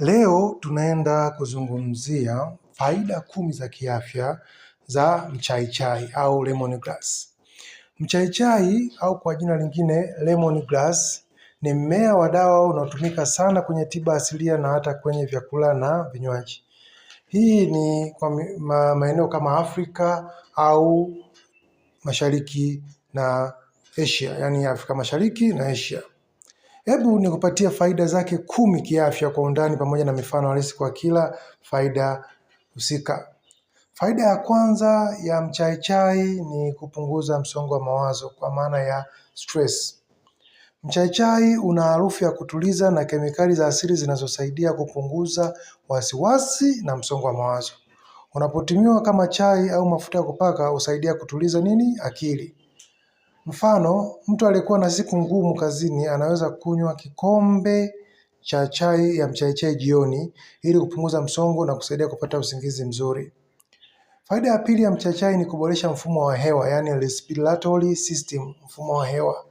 Leo tunaenda kuzungumzia faida kumi za kiafya za mchaichai au lemon grass. Mchaichai au kwa jina lingine lemon grass ni mmea wa dawa unaotumika sana kwenye tiba asilia na hata kwenye vyakula na vinywaji. Hii ni kwa maeneo kama Afrika au Mashariki na Asia, yaani Afrika Mashariki na Asia. Hebu nikupatie faida zake kumi kiafya kwa undani pamoja na mifano halisi kwa kila faida husika. Faida ya kwanza ya mchaichai ni kupunguza msongo wa mawazo kwa maana ya stress. Mchaichai una harufu ya kutuliza na kemikali za asili zinazosaidia kupunguza wasiwasi na msongo wa mawazo. Unapotumiwa kama chai au mafuta ya kupaka husaidia kutuliza nini? Akili. Mfano, mtu aliyekuwa na siku ngumu kazini anaweza kunywa kikombe cha chai ya mchaichai jioni ili kupunguza msongo na kusaidia kupata usingizi mzuri. Faida ya pili ya mchaichai ni kuboresha mfumo wa hewa, yani respiratory system, mfumo wa hewa.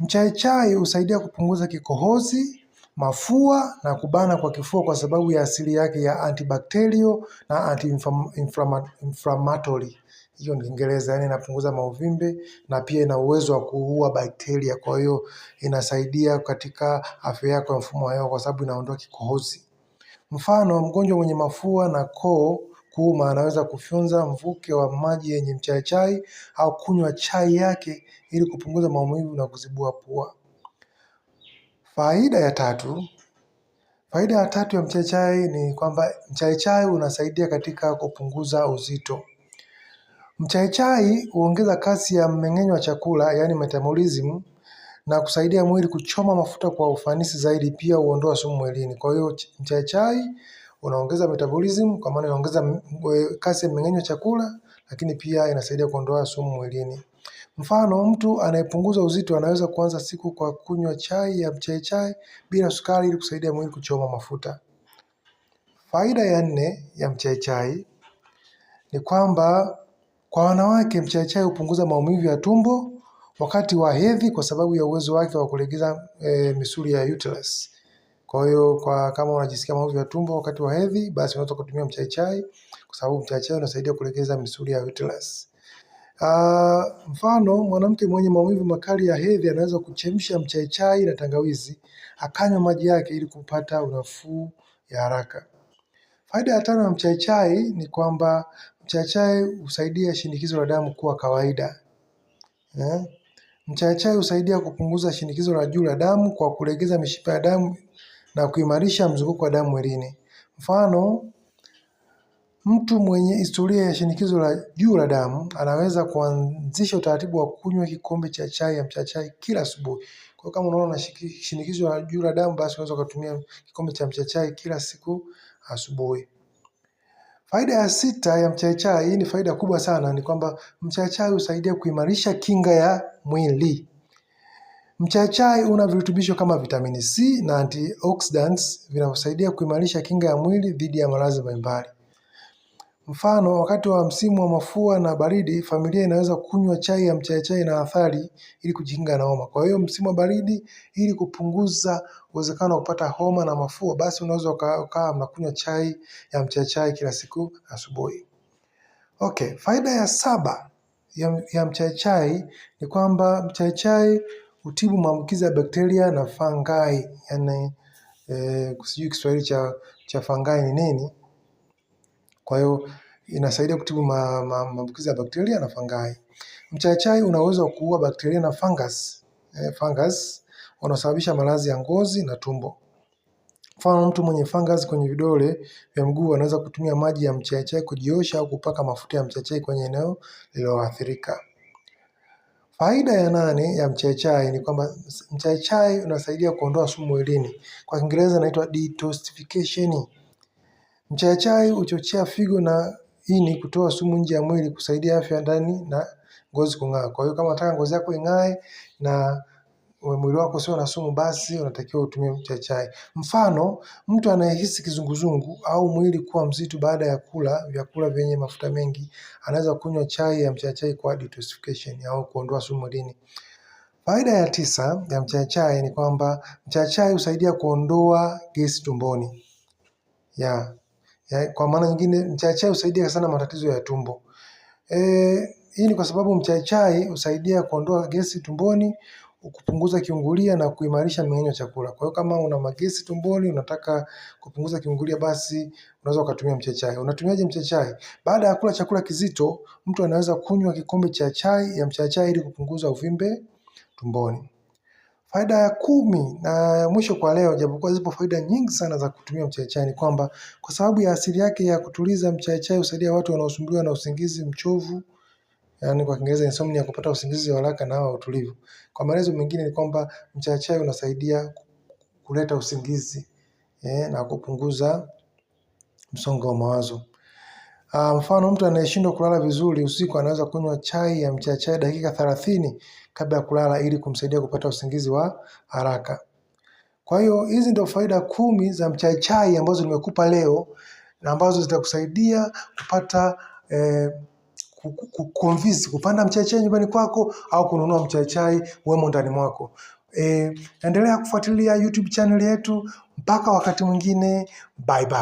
Mchaichai husaidia kupunguza kikohozi, mafua na kubana kwa kifua kwa sababu ya asili yake ya antibacterial na anti-inflammatory hiyo ni Kiingereza, yani inapunguza mauvimbe na pia ina uwezo wa kuua bakteria. Kwa hiyo inasaidia katika afya yako ya mfumo wa hewa, kwa sababu inaondoa kikohozi. Mfano, mgonjwa mwenye mafua na koo kuuma anaweza kufyonza mvuke wa maji yenye mchaichai au kunywa chai yake ili kupunguza maumivu na kuzibua pua. Faida ya tatu Faida ya tatu ya mchaichai ni kwamba mchaichai unasaidia katika kupunguza uzito. Mchaichai huongeza kasi ya mmeng'enyo wa chakula yaani metabolism na kusaidia mwili kuchoma mafuta kwa ufanisi zaidi, pia huondoa sumu mwilini. Kwa hiyo mchaichai unaongeza metabolism kwa maana inaongeza kasi ya mmeng'enyo wa chakula, lakini pia inasaidia kuondoa sumu mwilini. Mfano, mtu anayepunguza uzito anaweza kuanza siku kwa kunywa chai ya mchaichai bila sukari ili kusaidia mwili kuchoma mafuta. Faida ya nne ya mchaichai ni kwamba kwa wanawake, mchaichai hupunguza maumivu ya tumbo wakati wa hedhi kwa sababu ya uwezo wake wa kulegeza e, misuli ya uterus. Kwa hiyo kwa kama unajisikia maumivu ya tumbo wakati wa hedhi, basi unaweza kutumia mchaichai kwa sababu mchaichai unasaidia kulegeza misuli ya uterus. Uh, mfano mwanamke mwenye maumivu makali ya hedhi anaweza kuchemsha mchaichai na tangawizi akanywa maji yake ili kupata unafuu ya haraka. Faida ya tano ya mchaichai ni kwamba mchaichai husaidia shinikizo la damu kuwa kawaida eh? Mchaichai husaidia kupunguza shinikizo la juu la damu kwa kulegeza mishipa ya damu na kuimarisha mzunguko wa damu mwilini. Mfano, mtu mwenye historia ya shinikizo la juu la damu anaweza kuanzisha utaratibu wa kunywa kikombe cha chai ya mchachai kila asubuhi. Kwa kama unaona shinikizo la juu la damu, basi unaweza kutumia kikombe cha mchachai kila siku asubuhi. Faida ya sita ya mchaichai, hii ni faida kubwa sana, ni kwamba mchaichai husaidia kuimarisha kinga ya mwili. Mchaichai una virutubisho kama vitamini C na antioxidants vinavyosaidia kuimarisha kinga ya mwili dhidi ya maradhi mbalimbali. Mfano wakati wa msimu wa mafua na baridi familia inaweza kunywa chai ya mchaichai na athari ili kujikinga na homa. Kwa hiyo msimu wa baridi ili kupunguza uwezekano wa kupata homa na mafua basi unaweza ukakaa mnakunywa chai ya mchaichai kila siku asubuhi. Okay, faida ya saba ya, ya mchaichai ni kwamba mchaichai hutibu maambukizi ya bakteria na fangai, yaani eh, sijui Kiswahili cha, cha fangai ni nini kwa hiyo inasaidia kutibu maambukizi ma, ya bakteria na fungi. Mchaichai una uwezo wa kuua bakteria na fungus, eh, fungus wanaosababisha maradhi ya ngozi na tumbo. Mfano, mtu mwenye fungus kwenye vidole vya mguu anaweza kutumia maji ya mchaichai kujiosha au kupaka mafuta ya mchaichai kwenye eneo lililoathirika. Faida ya nane ya mchaichai ni kwamba mchaichai unasaidia kuondoa sumu mwilini, kwa Kiingereza inaitwa detoxification. Mchaichai huchochea figo na ini kutoa sumu nje ya mwili kusaidia afya ndani na ngozi kung'aa. Kwa hiyo kama unataka ngozi yako ing'ae na mwili wako sio na sumu, basi unatakiwa utumie mchaichai. Mfano, mtu anayehisi kizunguzungu au mwili kuwa mzito baada ya kula vyakula vyenye mafuta mengi anaweza kunywa chai ya mchaichai kwa detoxification au kuondoa sumu mwilini. Faida ya tisa ya mchaichai ni kwamba mchaichai husaidia kuondoa gesi tumboni ya yeah eh, kwa maana nyingine mchaichai husaidia sana matatizo ya tumbo eh, hii ni kwa sababu mchaichai husaidia kuondoa gesi tumboni, kupunguza kiungulia na kuimarisha mmeng'enyo wa chakula. Kwa hiyo kama una magesi tumboni, unataka kupunguza kiungulia, basi unaweza ukatumia mchaichai. Unatumiaje mchaichai? Baada ya kula chakula kizito, mtu anaweza kunywa kikombe cha chai ya mchaichai ili kupunguza uvimbe tumboni. Faida ya kumi na ya mwisho kwa leo, japokuwa zipo faida nyingi sana za kutumia mchaichai, ni kwamba kwa sababu ya asili yake ya kutuliza, mchaichai husaidia watu wanaosumbuliwa na usingizi mchovu, yani kwa Kiingereza insomnia, ya kupata usingizi wa haraka na utulivu. Kwa maelezo mengine, ni kwamba mchaichai unasaidia kuleta usingizi eh, na kupunguza msongo wa mawazo. Uh, mfano mtu anayeshindwa kulala vizuri usiku anaweza kunywa chai ya mchaichai dakika thelathini kabla ya kulala ili kumsaidia kupata usingizi wa haraka. Kwa hiyo hizi ndio faida kumi za mchaichai ambazo nimekupa leo na ambazo zitakusaidia kupata eh, kukonvinsi kupanda mchaichai nyumbani kwako au kununua mchaichai wemo ndani mwako. Eh, endelea kufuatilia YouTube channel yetu mpaka wakati mwingine, bye bye.